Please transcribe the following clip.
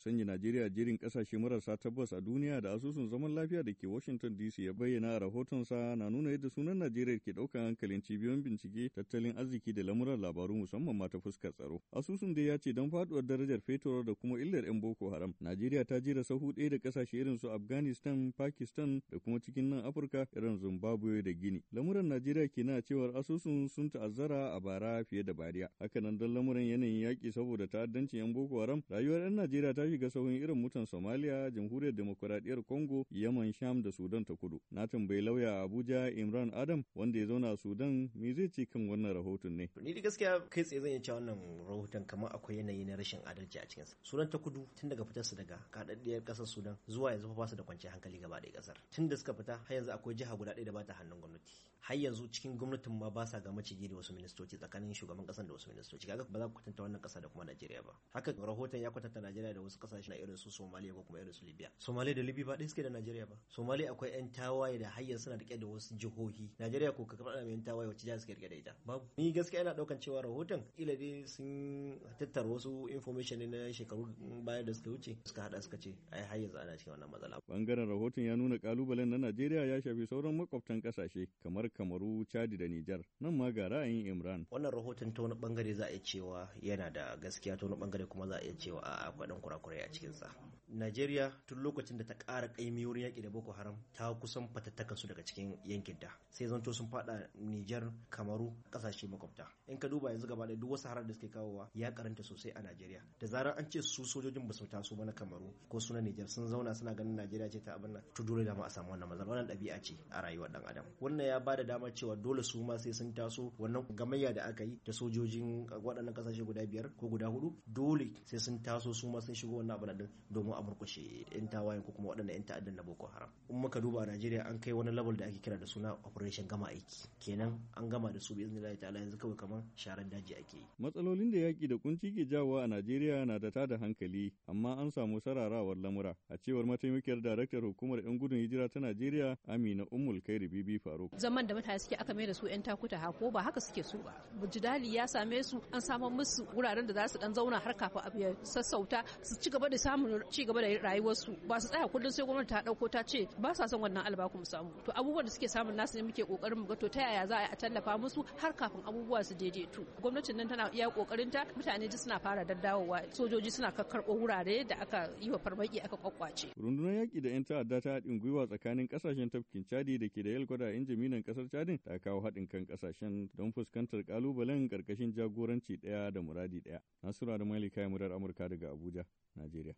sanya Najeriya jirin kasashe marasa tabbas a duniya da asusun zaman lafiya da ke Washington DC ya bayyana a rahotonsa na nuna yadda sunan Najeriya ke ɗaukan hankalin cibiyoyin bincike, tattalin arziki da lamuran labaru musamman ma ta fuskar tsaro. Asusun dai ya ce don faduwar darajar fetur da kuma illar 'yan Boko Haram, Najeriya ta jira sahu ɗaya da kasashe irin su Afghanistan, Pakistan da kuma cikin nan Afirka irin Zimbabwe da Gini. Lamuran Najeriya ke na cewar asusun sun ta'azzara a bara fiye da bariya. Hakanan don lamuran yanayin yaƙi saboda ta'addancin 'yan Boko Haram, rayuwar 'yan Najeriya ta shiga sauran irin mutan Somalia, Jamhuriyar Demokuraɗiyyar Congo, Yaman, Sham da Sudan ta kudu. Na tambayi lauya Abuja Imran Adam wanda ya zauna a Sudan me zai ce kan wannan rahoton ne. Ni da gaskiya kai tsaye zan iya cewa wannan rahoton kamar akwai yanayi na rashin adalci a cikinsa. Sudan ta kudu tun daga fitar su daga kadaddiyar ƙasar Sudan zuwa yanzu ba su da kwanciyar hankali gaba ɗaya ƙasar. Tun da suka fita har yanzu akwai jiha guda ɗaya da ba ta hannun gwamnati. Har yanzu cikin gwamnatin ma ba sa ga maciji da wasu ministoci tsakanin shugaban ƙasar da wasu ministoci. Kaga ba za ku kwatanta wannan ƙasa da kuma Najeriya ba. Haka rahoton ya kwatanta Najeriya da wasu kasashe na irin su Somalia ko kuma irin su Libya Somalia da Libya ba ɗaya suke da Najeriya ba Somalia akwai yan tawaye da hayyar suna rike da wasu jihohi Najeriya ko ka faɗa yan tawaye wacce jihar suke rike da ita babu ni gaskiya ina ɗaukan cewa rahoton ila dai sun tattara wasu information ne na shekaru baya da suka wuce suka haɗa suka ce ai har yanzu ana cikin wannan matsala bangaren rahoton ya nuna kalubalen na Najeriya ya shafi sauran makwabtan kasashe kamar Kamaru Chad da Nijar nan ma ga ra'ayin Imran wannan rahoton ta wani bangare za a iya cewa yana da gaskiya ta wani bangare kuma za a iya cewa a'a akwai kurakura kwarai a cikinsa najeriya tun lokacin da ta ƙara ƙaimi wurin yaƙi da boko haram ta kusan fatattakan su daga cikin yankin da sai zanto sun fada nijar kamaru kasashe makwabta in ka duba yanzu gaba duk wasu harar da suke kawowa ya karanta sosai a najeriya da zarar an ce su sojojin ba su taso ba na kamaru ko su na nijar sun zauna suna ganin najeriya ce ta abin nan to dole da ma a samu wannan matsala wannan ɗabi'a ce a rayuwar ɗan adam wannan ya bada dama cewa dole su ma sai sun taso wannan gamayya da aka yi da sojojin waɗannan kasashe guda biyar ko guda hudu dole sai sun taso su ma sun shigo wannan na din domin a murkushe yan tawayen ko kuma waɗanda yan ta'addan na Boko Haram in muka duba a Najeriya an kai wani level da ake kira da suna operation gama aiki kenan an gama da su bi iznillahi ta'ala yanzu kawai kamar sharan daji ake yi matsalolin da yaki da kunci ke jawo a Najeriya na da tada hankali amma an samu sararawar lamura a cewar mataimakiyar daraktar hukumar yan gudun hijira ta Najeriya Amina Ummul Kairi Bibi Faruk zaman da mutane suke aka mai da su yan takuta hako ba haka suke so ba bujidali ya same su an samar musu wuraren da za su dan zauna har kafin abu ya sassauta su ci ci gaba da samun ci gaba da rayuwarsu ba su tsaya kullum sai gwamnati ta dauko ta ce ba sa son wannan albaku mu samu to abubuwan da suke samun nasu ne muke kokarin mu ga to ta yaya za a tallafa musu har kafin abubuwa su daidaitu gwamnatin nan tana iya kokarin ta mutane ji suna fara daddawowa sojoji suna karkarbo wurare da aka yi wa farmaki aka kwakwace rundunar yaki da yan ta'adda ta haɗin gwiwa tsakanin kasashen tafkin chadi da ke da yalkwada yan jaminan kasar chadin ta kawo haɗin kan kasashen don fuskantar kalubalen karkashin jagoranci ɗaya da muradi ɗaya nasura da malika murar amurka daga abuja надире